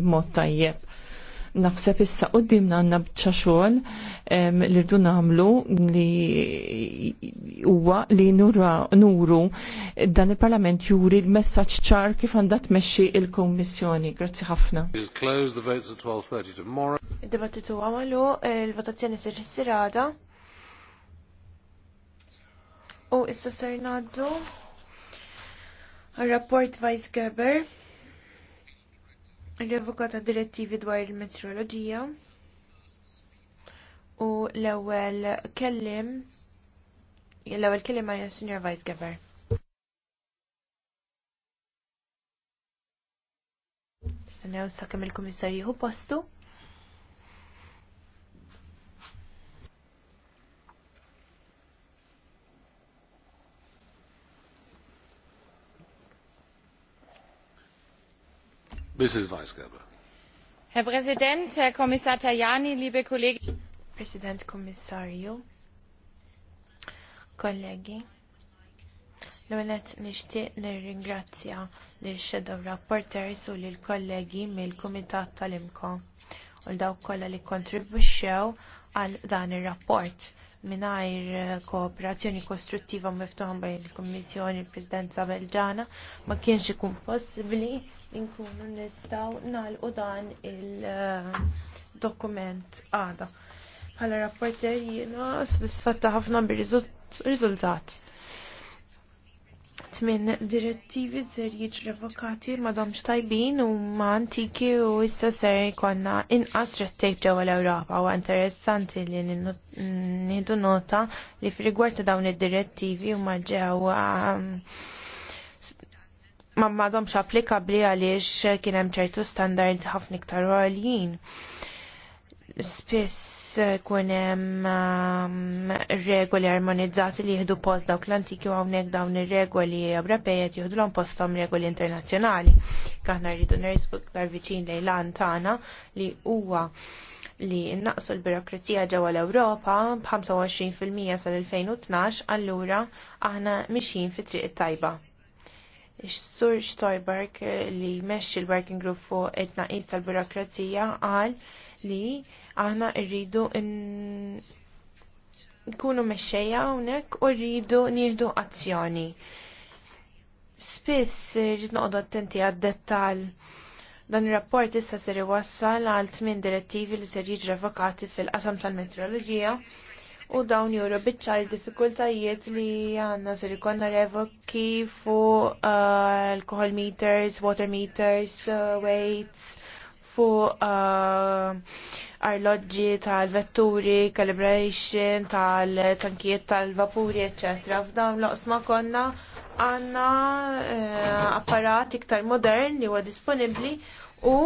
mod tajjeb. Naħseb issa qoddimna għandna bċa xogħol li rdu nagħmlu li huwa li nuru dan il-Parlament juri l-messaġġ ċar kif għandha tmexxi il-Kummissjoni. Grazzi ħafna. Id-dibattitu għamlu il-votazzjoni sir sirada. U issa ser ngħaddu rapport Vice Geber l revoka ta' direttivi dwar il meteoroloġija u l-ewwel kellim l-ewwel kellim hija Sr. Vice Gaver. sa sakemm il-Kummissarju postu. Herr Präsident, Herr Kommissar Tajani, liebe Kollegen. President Kommissarju, kollegi. L-għalet nixtieq nirringrazzja li shadow rapporters u lill kollegi mill kumitat tal-Imko u l-daw kollha li kontribwixxew għal dan ir rapport mingħajr eh, kooperazzjoni kostruttiva miftuħa bejn il-Kummissjoni il-Presidenza Belġana ma kienx ikun possibbli nkunu nistgħu nagħlqu dan il-dokument eh, għada. Bħala rapporter jiena sodisfatta ħafna bir-riżultat tmin direttivi ser jiġu revokati madomx tajbin u ma antiki u issa ser jkollna inqas red tape ġewwa l-Ewropa u interessanti li nidu nota li f'rigward ta' dawn id-direttivi huma ġew um, ma madomx applikabbli għaliex kien hemm ċertu standard ħafna iktar għaljin. Spiss eh, kun hemm ehm, regoli armonizzati li jieħdu post dawk l-antiki u hawnhekk dawn ir-regoli Ewropej qed jieħdu posthom regoli internazzjonali. Kaħna rridu nersu iktar viċin lejlan tagħna li huwa li naqsu l-birokrazija ġewwa l-Ewropa b'25% sal-2012 allura aħna mixjin fi triq tajba. Sur Stoiberg eh, li jmexxi l-Working Group fuq it-tnaqqis tal-birokrazija qal li aħna rridu nkunu mexxejja hawnhekk u rridu nieħdu azzjoni. Spiss rrid noqgħod attenti għad-dettall. Dan ir-rapport issa ser iwassal għal tmien direttivi li ser jiġu revokati fil-qasam tal-metroloġija u dawn juru bitċar diffikultajiet li għanna ser ikonna revoki fuq uh, alcohol meters, water meters, uh, weights fuq uh, arloġġi tal-vetturi, calibration, tal-tankijiet tal-vapuri, etc. F'dawn l-oqsma konna għanna uh, apparat iktar modern li huwa disponibbli u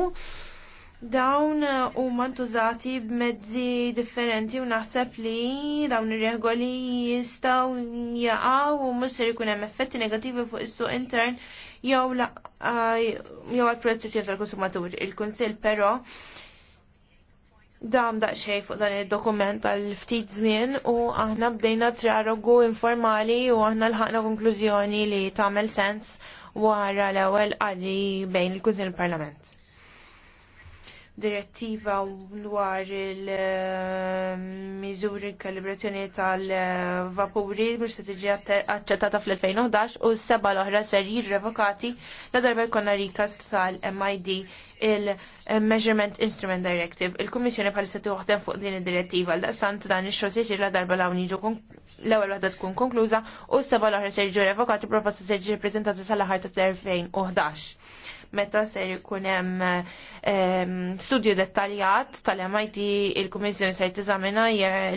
dawn huma ntużati b'mezzi differenti u naħseb li dawn ir-regoli jistgħu jaqgħu u mhux se jkun hemm effetti negattivi fuq is-suq intern jew għal protezzjoni tal-konsumatur. Il-Kunsill però dam xej fuq dan il-dokument għal-ftit żmien u aħna bdejna trialogu informali u aħna lħaqna konklużjoni li tagħmel sens wara l-ewwel qari bejn il-Kunsill il-Parlament direttiva dwar il-miżuri kalibrazzjoni tal-vapuri biex se tiġi aċċettata fl-2011 u s-seba l-oħra ser jirrevokati la darba jkonna rikas tal-MID il-Measurement Instrument Directive. Il-Kummissjoni bħalissa tuħdem fuq din id-direttiva l daqstant dan ix-xogħol se la darba l l-ewwel waħda tkun konkluża u s-seba l-oħra se jiġu revokati proposta se jiġi ppreżentata sal-aħħar tal-2011 meta ser ikun hemm ehm, studju dettaljat tal-MIT il-Kummissjoni ser tiżamina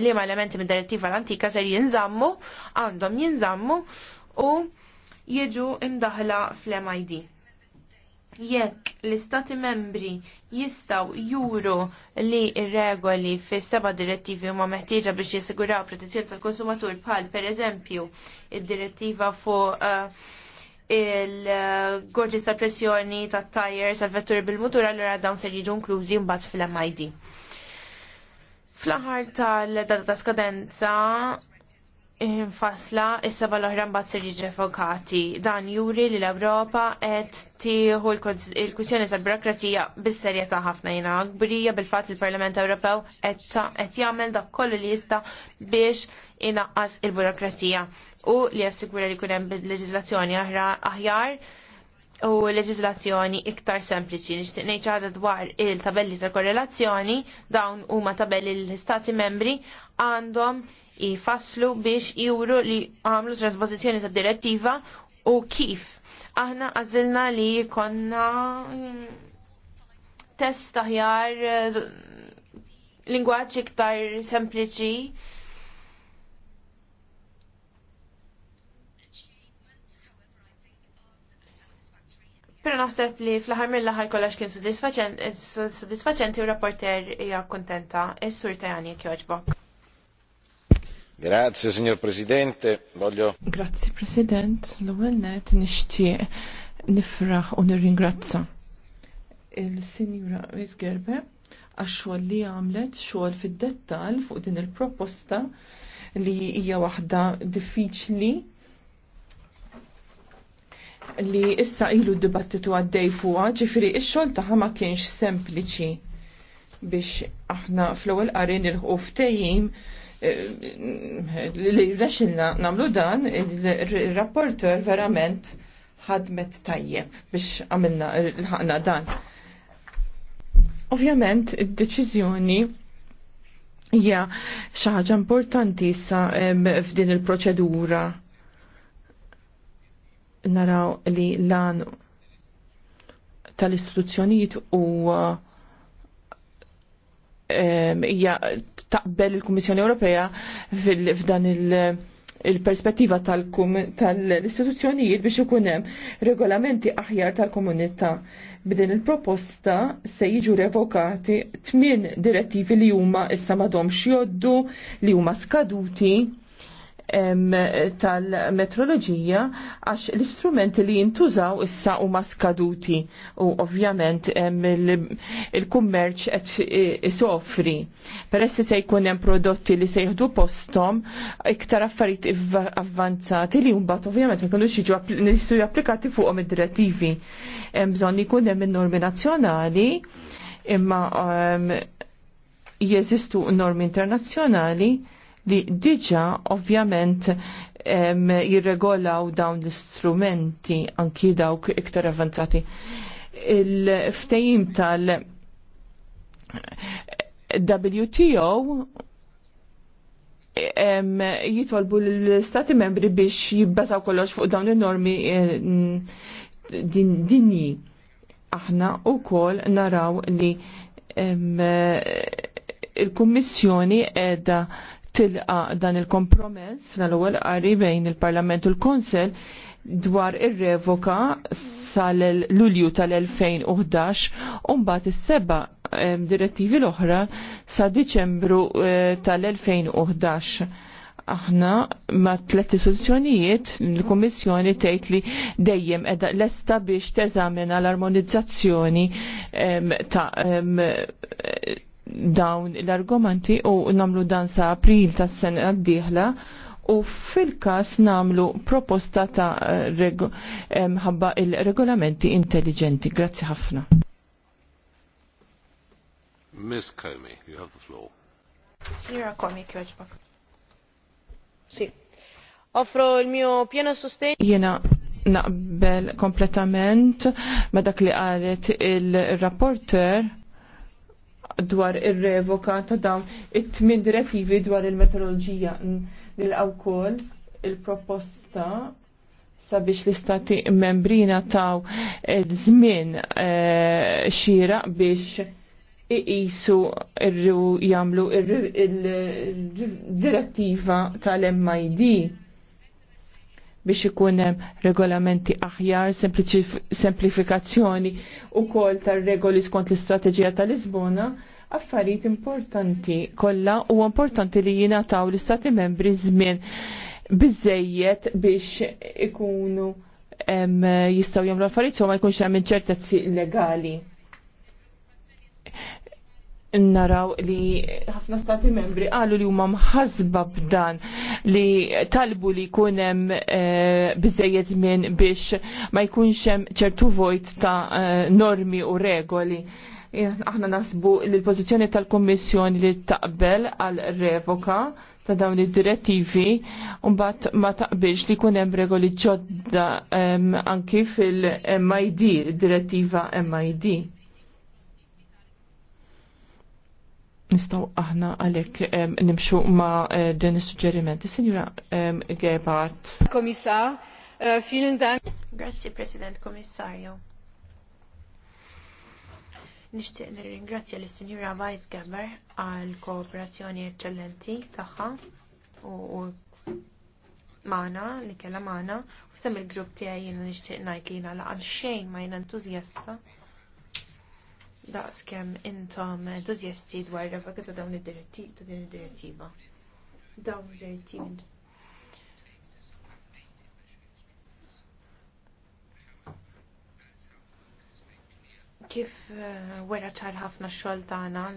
li ma elementi mid direttiva l-antika ser jinżammu, għandhom jinżammu u jiġu imdaħla fl-MID jekk l-istati membri jistgħu juru li r regoli fis seba direttivi huma meħtieġa biex jisiguraw protezzjoni tal-konsumatur bħal pereżempju id-direttiva fuq uh, il-gorġi ta' pressjoni ta' tajjer għal vetturi bil-mutur għallura dawn se jiġu inklużi mbagħad fl-MID. Fl-aħħar tal-data ta' skadenza infasla is-seba l-oħra mbagħad se jiġi revokati. Dan juri li l-Ewropa qed tieħu l-kwistjoni tal-birokrazija bis-serjetà ħafna jiena kbirija bil-fatt il-Parlament Ewropew qed jagħmel dak kollu li jista' biex inaqqas il-burokrazija u li jassigura li kunem leġizlazzjoni aħjar u leġizlazzjoni iktar sempliċi. Nixtieq ngħid ċaħda dwar il-tabelli ta' korrelazzjoni dawn huma tabelli l-istati membri għandhom jifasslu biex juru li għamlu trasposizjoni ta' direttiva u kif. Aħna għażilna li konna mm, test taħjar lingwaġġ iktar sempliċi Pero naħseb li fl-ħar mill-ħar kollax kien eh, soddisfaċenti u rapporter hija kontenta. Is-sur Tajani jogħġbok. Grazie, signor Presidente. Voglio... Grazie, President. L-ewwel net nixtieq nifraħ u nirringrazza il-Sinjura Wisgerbe għax xogħol li għamlet xogħol fid dettall fuq din il-proposta li hija waħda diffiċli li issa ilu dibattitu għaddej fuqa, ġifiri ix-xol taħħa ma kienx sempliċi biex aħna fl-ewwel qari nilħu ftejjim eh, li rexilna namlu dan, il-rapporter verament ħadmet tajjeb biex għamilna l dan. Ovvjament, id-deċiżjoni hija xi ħaġa importanti issa f'din il-proċedura naraw li lan tal-istituzzjonijiet u eh, hija taqbel il-Kummissjoni Ewropea f'dan il- perspettiva tal-istituzzjonijiet biex ikun hemm regolamenti aħjar tal-komunità. B'din il-proposta se jiġu revokati tmien direttivi li huma issa m'għadhomx joddu li huma skaduti tal metrologija għax l-istrumenti li jintużaw issa huma skaduti u ovvjament il-kummerċ qed isofri. Peress li se jkun hemm prodotti li se jħdu posthom iktar affarijiet avvanzati li mbagħad ovvjament ma jkunux jiġu nistgħu applikati fuqhom id-direttivi. Hemm bżonn jkun hemm in-normi nazzjonali imma jeżistu normi internazzjonali li diġa ovvjament jirregolaw dawn l-istrumenti anki dawk iktar avanzati. Il-ftejim tal- WTO jitolbu l-stati membri biex jibbazaw kollox fuq dawn il-normi eh, dinji. Aħna u kol naraw li eh, il-Kummissjoni edha tilqa dan il-kompromess f'na l-ewwel qari bejn il-Parlament u l-Konsel dwar ir-revoka sal-Lulju tal-2011 u mbagħad is-seba direttivi l-oħra sa Diċembru eh, tal-2011. Aħna ma tlet istituzzjonijiet l-Kummissjoni tgħid li dejjem qiegħda lesta biex teżamina l-armonizzazzjoni ta' dawn l argomenti u namlu dan sa april tas sena d-dieħla u fil-kas namlu proposta ta' ħabba il-regolamenti intelligenti. Grazzi ħafna. Miss Comey, you have the floor. Signora Comey, kjoġbak. Si. Offro il mio pieno sostegno. Jena naqbel kompletament ma dak li għalet il-rapporter dwar ir-revoka ta' dawn it-tmin direttivi dwar il-metodoloġija nilqaw kol il-proposta sabiex l-istati membrina taw żmien eh, xira biex iqisu jamlu il-direttiva tal-MID biex ikun hemm regolamenti aħjar, semplifikazzjoni u kol tar-regoli skont l-istrateġija tal-Lisbona, affarijiet importanti kollha u importanti li jingħataw l-istati membri żmien biżejjed biex ikunu jistgħu jagħmlu affarijiet so ma jkunx hemm inċertezzi legali naraw li ħafna stati membri qalu li huma mħasba b'dan li talbu li jkun hemm e, biżejjed żmien biex ma jkunx hemm ċertu vojt ta' eh, normi u regoli. Eh, aħna nasbu li l-pożizzjoni tal-Kommissjoni li taqbel għal revoka ta' dawn id-direttivi mbagħad ma taqbilx li jkun hemm regoli ġodda anki fil-MID, direttiva MID. nistaw aħna għalek nimxu ma eh, din is-suġġerimenti. Sinjura Gebhardt. Komissar, eh, vielen Dank. Grazzi President Komissarju. Nishtiq nirringrazzja l sinjura Vice Geber għal kooperazzjoni eccellenti tagħha u maħna li kella maħna u sem il-grupp tiegħi jiena nixtieq ngħid li jiena laqal xejn ma jiena entużjasta daqs kem intom entuzjasti dwar il ta' dawn id-direttiva ta' din id-direttiva. Dawn id-direttiva. Kif eh, wera ċar ħafna xogħol tagħna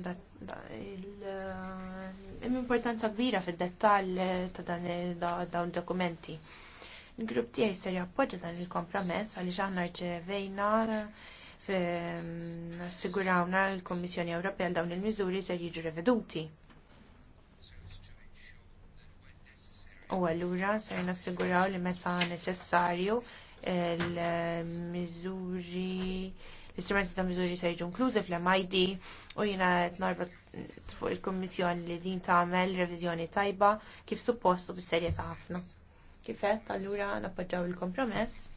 l-importanza eh, kbira fid-dettall eh, ta' dawn id dokumenti. Il-grupp tiegħi ser jappoġġa dan il-kompromess għaliex aħna rċevejna assigurawna l-Kommissjoni Ewropea dawn il-miżuri se jiġu reveduti. U allura se nassiguraw li meta neċessarju l-miżuri l-istrumenti ta' miżuri se jiġu inkluzi fl-MID u jiena qed norbot fuq il-Kummissjoni li din tagħmel reviżjoni tajba kif suppost u bis-serjetà ħafna. Kif qed allura nappoġġaw il-kompromess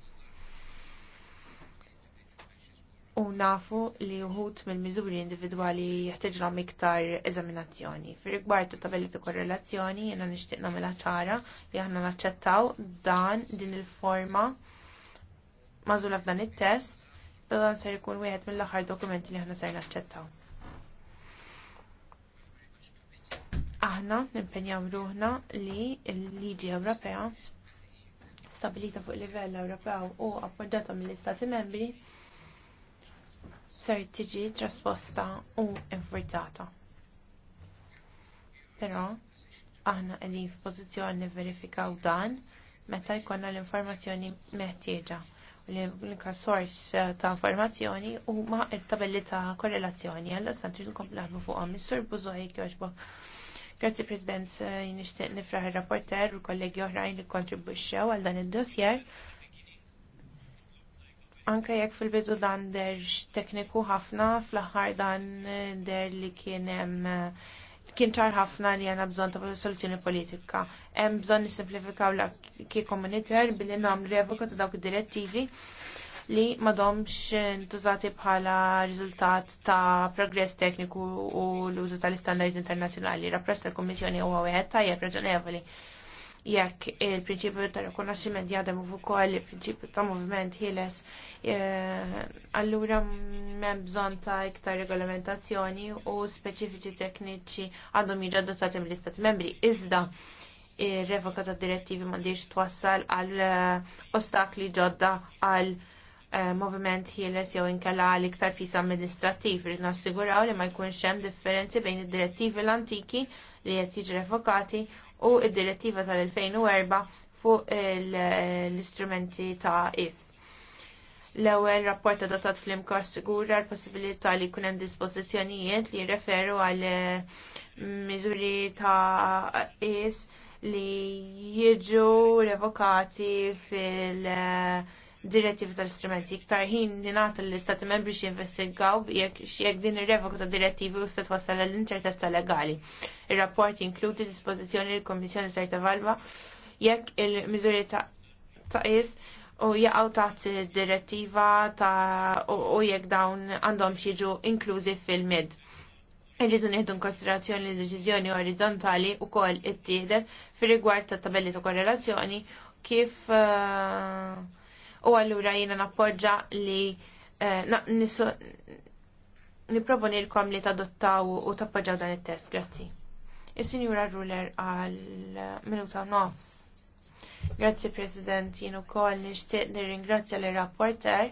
u nafu li uħut mill miżuri individwali jeħtieġlhom iktar eżaminazzjoni. Fir-rigward ta' tabelli ta' korrelazzjoni jiena nixtieq nagħmilha ċara li aħna naċċettaw dan din il-forma mażula f'dan it-test iżda dan ser ikun wieħed mill-aħħar dokumenti li aħna ser naċċettaw. Aħna nimpenjaw ruħna li l-liġi Ewropea stabilita fuq livell Ewropew u appoġġata mill-Istati Membri ser tiġi trasposta u infurzata. Però aħna qegħdin f'pożizzjoni nivverifikaw dan meta jkollna l-informazzjoni meħtieġa U l-unika sors eh, ta' informazzjoni huma ma' tabelli ta' korrelazzjoni għalla santi l-kompli fuqhom fuq sur Missur Buzoħi Grazzi President, eh, nishtiq nifraħ ir rapporter u kollegi oħrajn li kontribuxxew għal dan id dossier anke jekk fil-bidu dan derġ tekniku ħafna, fl-aħħar dan der li kien hemm kien ċar ħafna li għandna bżonn ta' soluzzjoni politika. Hemm bżonn nisimplifikaw la ki komuniter billi nagħmlu revoka ta' dawk id-direttivi li m'għadhomx ntużati bħala riżultat ta' progress tekniku u l-użu tal-istandards internazzjonali. Rapport tal-Kummissjoni huwa wieħed tajjeb raġonevoli jekk il-prinċipju ta' rikonoxximent jadem ukoll il-prinċipju ta' moviment ħieles, e, allura m'hemm bżonn ta' iktar regolamentazzjoni u speċifiċi tekniċi għadhom jiġu adottati mill-Istati membri. Iżda il revoka ta' direttivi m'għandix twassal għal e, ostakli ġodda għal e, moviment ħieles jew inkella għal iktar pis amministrativ li nassiguraw li ma jkunx hemm differenzi bejn id-direttivi l-antiki li qed jiġu revokati u id-direttiva tal-2004 fuq l-istrumenti ta' is. L-ewwel rapport datat fl-imkor sigura l-possibilità li jkun hemm dispożizzjonijiet li jirreferu għal eh, miżuri ta' is li jiġu revokati fil- uh, direttiva tal-istrumenti iktar ħin li nagħtu l-istati membri xi investigaw jekk jekk din ir-revoka ta' direttivi u se twassal l-inċertezza legali. Ir-rapport jinkludi dispożizzjoni li l-Kommissjoni ser tavalba jekk il-miżuri ta' qis u jaqgħu taħt direttiva ta' u jekk dawn għandhom xiġu inklużi fil-mid. Irridu nieħdu konsiderazzjoni l-deċiżjoni orizzontali u kol ittieħdet fir-rigward ta' tabelli ta' korrelazzjoni kif eh, u allura jiena nappoġġa li eh, niproponilkom li tadottaw u tappoġġaw dan it-test, grazzi. Is-Sinjura Ruler għal minuta nofs. Grazzi President, jien ukoll nixtieq nirringrazzja l-rapporter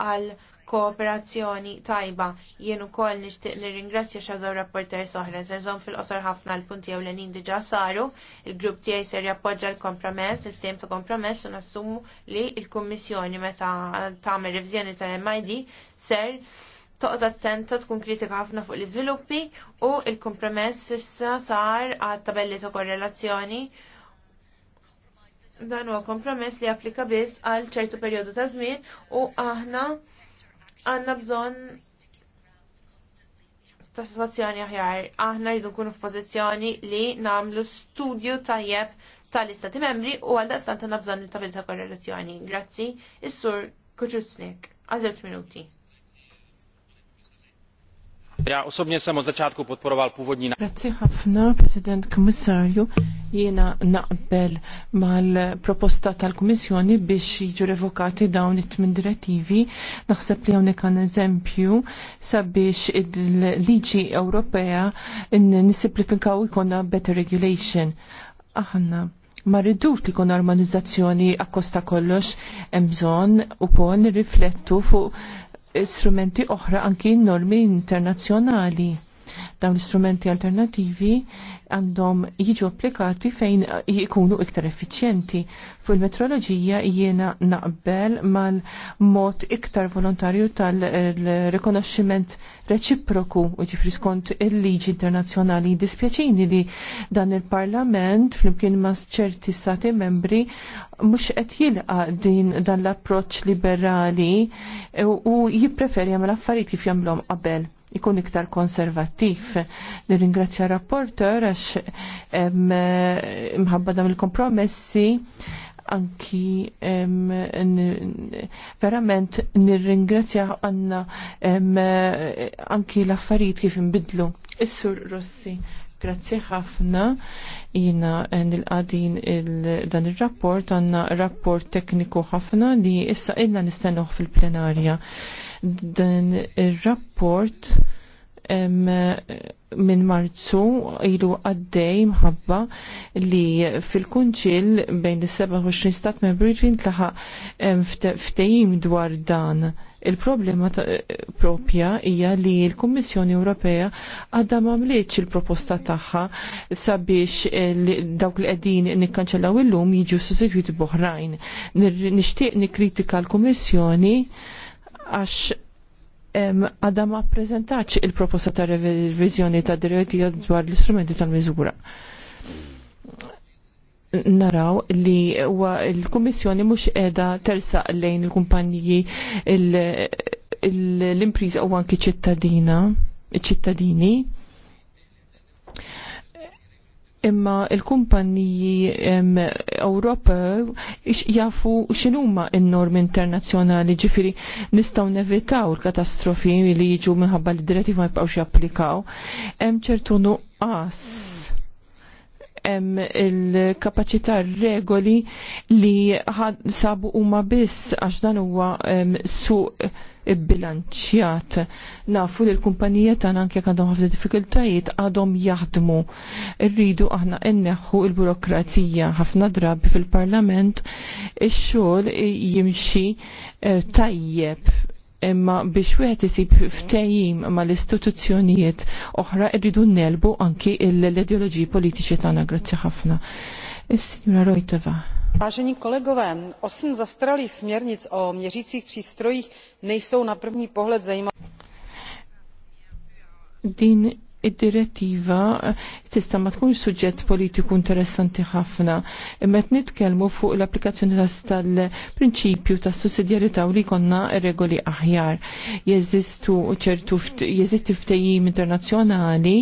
għal kooperazzjoni tajba. Jien ukoll nixtieq nirringrazzja xadow rapporter soħra serżon fil-qosor ħafna l-punti ewlenin diġà saru. Il-grupp tiegħi ser jappoġġa l-kompromess, il-tim ta' kompromess u nassumu li l-Kummissjoni meta tagħmel reviżjoni tal-MID ser toqgħod attenta tkun kritika ħafna fuq l-iżviluppi u l-kompromess issa sar għat tabelli ta' korrelazzjoni dan huwa kompromess li applika biss għal ċertu perjodu ta' żmien u aħna għanna bżon ta' situazzjoni aħjar. Aħna jridu nkunu f'pożizzjoni li namlu studju tajjeb tal-istati membri u għal daqstant għanna bżon li ta' korrelazzjoni. Grazzi, is-sur Kuċuznik, għal minuti. Ja osobnie sam od podporoval původní... Grazie ħafna, President Komissarju. Jiena naqbel mal-proposta tal-Kummissjoni biex jiġu revokati dawn it-tmin direttivi. Naħseb li hawnhekk għan eżempju sabiex il-liġi Ewropea nisimplifikaw ikonna better regulation. Aħna ma rridux li kon armonizzazzjoni akkosta kollox hemm bżonn ukoll nirriflettu fuq strumenti oħra anki normi internazzjonali Dawn l-istrumenti alternativi għandhom jiġu applikati fejn jikunu iktar effiċjenti. Fuq il metrologija jiena naqbel mal-mod iktar volontarju tal-rikonoxximent reċiproku, ġifri skont il-liġi internazzjonali. Dispjaċini li dan il-Parlament, flimkien ma' ċerti stati membri, mux qed jilqa din dan l-approċ liberali u jippreferja għamil affarijiet kif qabel ikun iktar konservattiv. Nirringrazzja rapporter għax mħabba dam il-kompromessi anki verament nirringrazzja għanna anki l-affarijiet kif imbidlu. Is-sur Rossi, grazzi ħafna jina eh, nil-qadin dan il-rapport, għanna rapport tekniku ħafna li issa illa nistennuħ fil-plenarja. Dan ir-rapport minn marzu ilu għaddej mħabba li fil-kunċil bejn is-27 stat membri ġin tlaħa ftejim dwar dan. Il-problema propja hija li l-Kummissjoni Ewropea għadha m'għamlitx il-proposta tagħha sabiex dawk li qegħdin nikkanċellaw illum jiġu sostituiti b'oħrajn. Nixtieq nikkritika l-Kummissjoni għax għadha ma ppreżentax il-proposta ta' revizjoni ta' direttiva dwar l-istrumenti tal-miżura. Naraw li huwa l-Kummissjoni mhux qiegħda tersaq lejn il-kumpanji l-impriża u għanki ċittadina, ċittadini imma il-kumpanniji Ewropew jafu x'inhuma n-normi internazzjonali ġifiri nistgħu nevitaw l-katastrofi li jiġu minħabba li direttiva ma jibqgħux japplikaw. Hemm ċertu nuqqas hemm il-kapaċità regoli li sabu huma biss għax dan huwa suq bilanċjat. Nafu li l-kumpanija tagħna anke għandhom ħafna diffikultajiet għadhom jaħdmu. Irridu aħna inneħħu l-burokrazija ħafna drabi fil-Parlament ix-xogħol jimxi eh, tajjeb imma biex wieħed isib ftehim mal istituzzjonijiet oħra rridu nelbu anki l-ideoloġiji politiċi tagħna. Grazzi ħafna. Is-Sinjura Rojtova. Vážení kolegové, osm zastaralých směrnic o měřících přístrojích nejsou na první pohled zajímavé id-direttiva tista' ma tkunx suġġett politiku interessanti ħafna. Imma qed nitkellmu fuq l-applikazzjoni tal-prinċipju tas sussidjarità u li konna regoli aħjar. Jeżistu ċertu jeżisti ftehim internazzjonali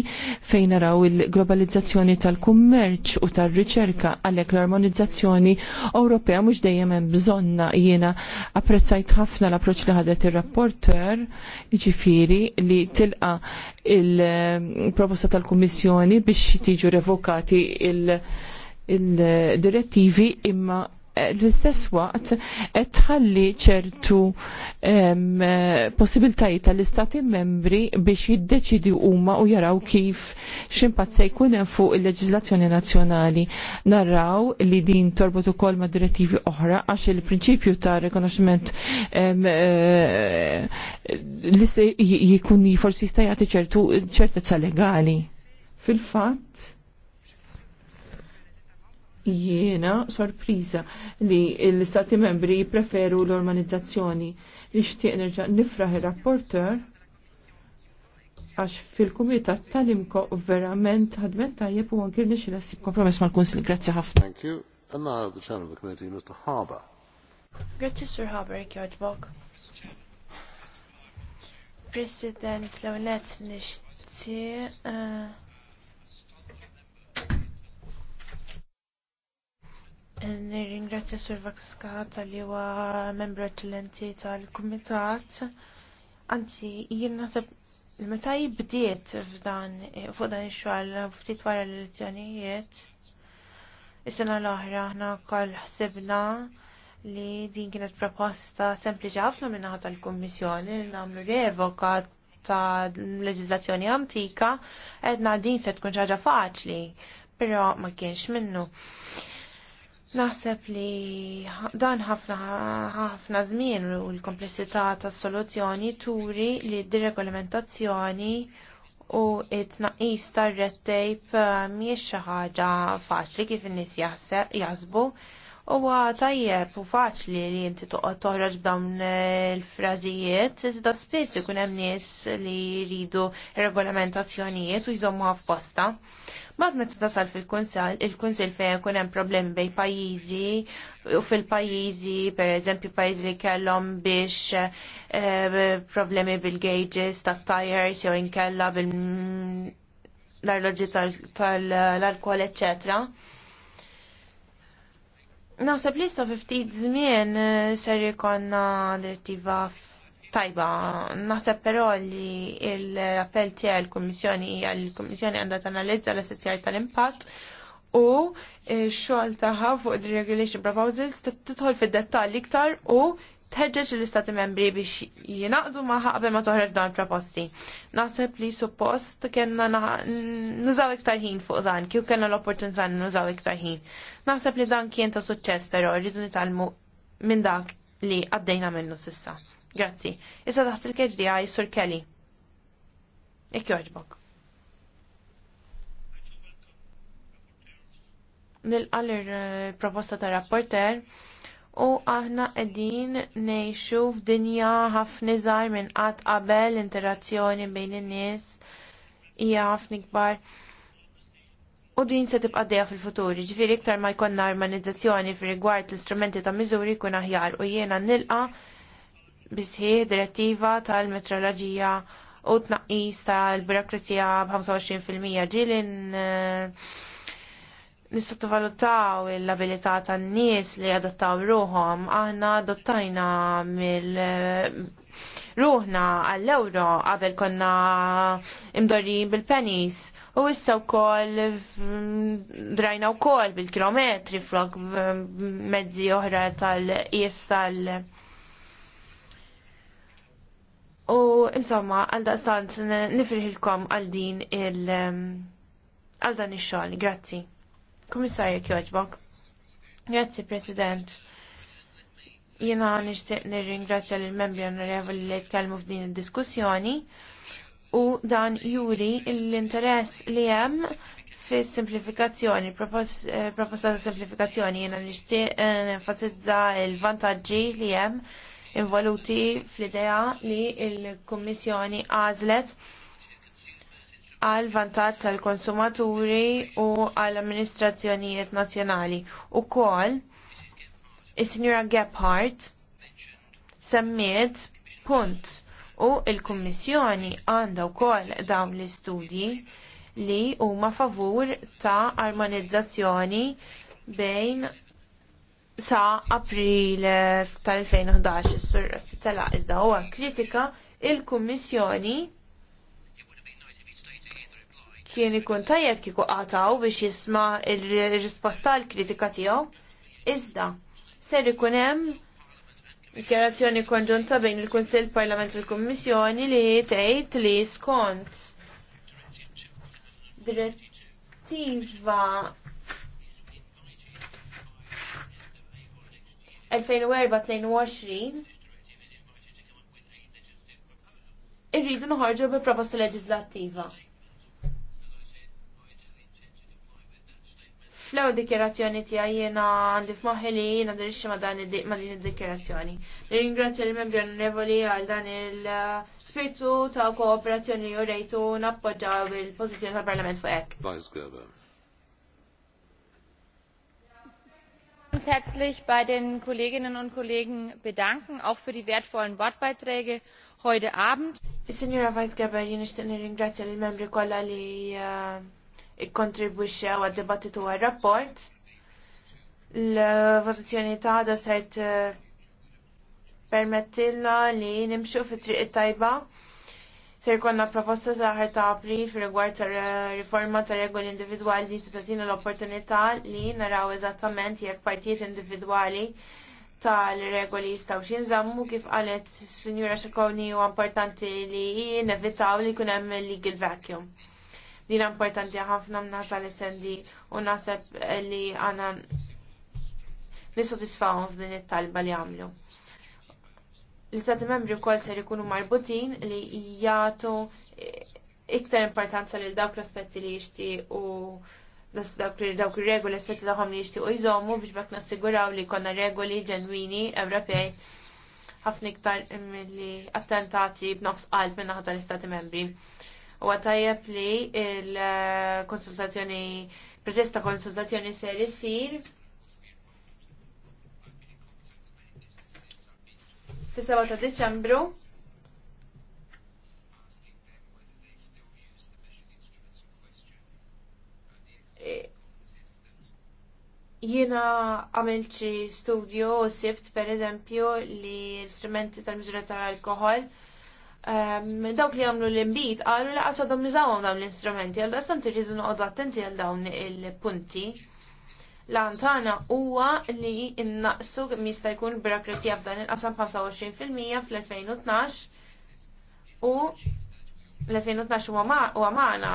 fejn naraw il-globalizzazzjoni tal-kummerċ u tal-riċerka għalhekk l-armonizzazzjoni Ewropea mhux dejjem hemm bżonna jiena apprezzajt ħafna l-approċċ li ħadet ir-rapporter, jiġifieri li tilqa' il- proposta tal-Kummissjoni biex tiġu revokati il-direttivi il imma Eh, l-istess waqt qed eh, tħalli ċertu eh, possibiltajiet tal-istati membri biex jiddeċidi huma u jaraw kif x'impatt se jkun hemm fuq il-leġiżlazzjoni nazzjonali. Narraw li din torbot ukoll ma' direttivi oħra għax il-prinċipju ta' rikonoxximent jikun forsi jista' jagħti ċertu ċertezza legali. Fil-fatt, jiena sorpriza li l-istati membri preferu l-organizzazzjoni li xtieq nerġa' nifraħ ir-rapporter għax fil-kumitat tal-imko verament ħadmet tajjeb u nix il nasib kompromess mal-Kunsil. Grazie, ħafna. Thank you. And now the chairman of the committee, Mr. Harbour. Sir Harbour, President Nirringrazzja Sur Vaxka tal-li huwa membru eccellenti tal-Kumitat. Anzi, jien naħseb meta jibdiet f'dan fuq dan ix-xogħol ftit wara l-elezzjonijiet. Is-sena l-oħra aħna wkoll ħsibna li din kienet proposta sempliċi ħafna minnaħa tal-Kummissjoni li nagħmlu revoka ta' leġiżlazzjoni antika, edna din se tkun ħaġa faċli, però ma kienx minnu. Naħseb li dan ħafna ħafna żmien u l-komplessità tas-soluzzjoni turi li d-regolamentazzjoni u it-tnaqqis tar-red tape eh, mhijiex xi ħaġa faċli kif in-nies jaħsbu. Huwa tajjeb u faċli li inti toqgħod toħroġ b'dawn il-frażijiet, iżda spiss ikun hemm nies li jridu regolamentazzjonijiet u jżommu f'posta. Mad meta tasal fil-kunsel, il-kunsel fejn ikun hemm problemi bejn pajjiżi u fil-pajjiżi, pereżempju pajjiżi li kellhom biex eh, problemi bil-gauges tat-tires jew inkella bil l tal-alkohol, eccetera Naħseb li sa ftit żmien eh, ser jkollna direttiva tajba. Naħseb però li l-appell tiegħi l-Kummissjoni hija li l-Kummissjoni għandha tanalizza l-assessjar tal-impatt u xogħol tagħha fuq regulation proposals tidħol fid-dettalji iktar u tħeġġeġ l-istati membri biex jinaqdu maħħa qabel ma toħreġ dan proposti. Naħseb li suppost kena nużaw iktar ħin fuq dan, kju kena l-opportunità nużaw iktar ħin. Naħseb li dan kien ta' suċċess però rridu nitalmu minn dak li għaddejna minnu sissa. Grazzi. Issa taħt il-keġdi għaj Sur Kelly. Ikk joġbok. Nil-għallir eh, proposta ta' rapporter u aħna qegħdin ngħixu f'dinja ħafna iżgħar minn qatt qabel interazzjoni bejn in-nies hija ħafna ikbar. U din se tibqa' dejja fil-futur, ġifieri iktar ma jkollna armonizzazzjoni fir-rigward l-istrumenti ta' miżuri jkun aħjar u jiena nilqa bisħieħ direttiva tal-metroloġija u tnaqqis tal-birokrazija b'25% ġilin uh, nissottovalutaw l-abilità tan-nies li adottaw ruhom, aħna adottajna mill eh, ruħna għall-euro qabel konna imdorri bil-penis. U issa wkoll drajna wkoll bil-kilometri flok mezzi oħra tal-qies tal U insomma, għal daqstant nifriħilkom għal din il- għal dan ix-xogħol. Grazzi. Komissarju Kjoċbok, Grazzi, President. Jena nishtiq nirringrazzja l-membri onorevoli li jitkellmu f'din id-diskussjoni u dan juri l-interess li hemm fi simplifikazzjoni, eh, proposta ta' simplifikazzjoni jena nishtiq eh, enfasizza l vantaġġi li hemm involuti fl-idea li l-Kummissjoni għażlet għal vantaġġ tal-konsumaturi u għall amministrazzjonijiet nazzjonali. Ukoll is-Sinjura Gephardt semmiet punt u l kummissjoni għandha wkoll dawn l-istudji li huma favur ta' armonizzazzjoni bejn sa April tal-2011 is-surra tal iżda huwa kritika il-Kummissjoni kien ikun tajjeb kieku qataw biex jisma il-risposta l-kritika tiegħu. Iżda, ser ikun hemm dikjarazzjoni konġunta bejn il-Kunsill Parlament u l-Kummissjoni li tgħid li skont direttiva 2024 22 irridu nħarġu bi proposta leġislattiva. fl-ewwel dikjerazzjoni tiegħi jiena għandif f'moħħi li jiena dirixxi ma' dan ma' din dikjerazzjoni Ringrazzja l-membri onorevoli għal dan il eh, spirtu ta' kooperazzjoni u rejtu nappoġġa il pozizjoni tal-Parlament fuq ek. Ganz herzlich bei den Kolleginnen und Kollegen bedanken, auch für die wertvollen Wortbeiträge heute Abend. Signora Vice Gerber, jien nixtieq nirringrazzja lill membri kollha li eh, ikkontribwixxew għad-dibattitu għar-rapport. L-votazzjoni ta' għada sert eh, permettilna li nimxu fi triq it-tajba. Ser konna proposta saħar ta' apri fil rigward ta' riforma ta' regoli individwali li setatina l-opportunità li naraw eżattament jekk partijiet individwali l regoli jistaw zammu kif qalet Sinjura Xakoni u importanti li nevitaw li kunem legal vacuum. Din importanti ħafna mna tal-SND u naħseb li għana nisodisfawum f'din it-talba li għamlu. L-istati membri wkoll ser ikunu marbutin li jagħtu iktar importanza lil dawk l-aspetti li jixtiequ dawk ir-regoli aspetti tagħhom li jixtiequ jżommu biex bekk nassiguraw li jkollna regoli ġenwini Ewropej ħafna iktar milli attentati b'nofs qalb minn naħa tal-Istati Membri u għatajab li il-konsultazzjoni, proċess ta' konsultazzjoni ser isir. Fis-7 ta' Deċembru. E, jiena għamilċi studio u sift per eżempju li l-istrumenti tal-mizura tal-alkohol dawk li għamlu l-imbit għalu li għasodhom nużawhom dawn l instrumenti għal dasan irridu noqogħdu attenti għal dawn il-punti. L-antana huwa li innaqsu mista' jkun l-birokrati f'dan il-qasam 25% fl-2012 u l-2012 huwa għamana.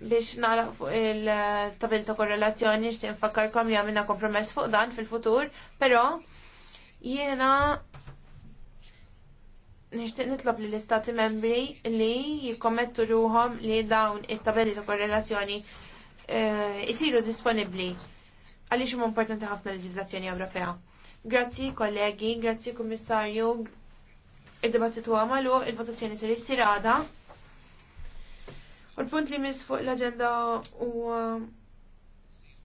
biex naraf fuq il-tabel ta' korrelazzjoni xtien fakkarkom li għamilna kompromess fuq dan fil-futur, pero jiena nixtieq nitlob lill istati membri li jikkommettu ruhom li dawn it-tabelli ta' korrelazzjoni jisiru eh, disponibbli għaliex huma importanti ħafna leġiżlazzjoni Ewropea. Grazzi kollegi, grazzi kummissarju, id-dibattitu għamalu, il-votazzjoni ser issir għada. U l-punt li mis fuq l-agenda u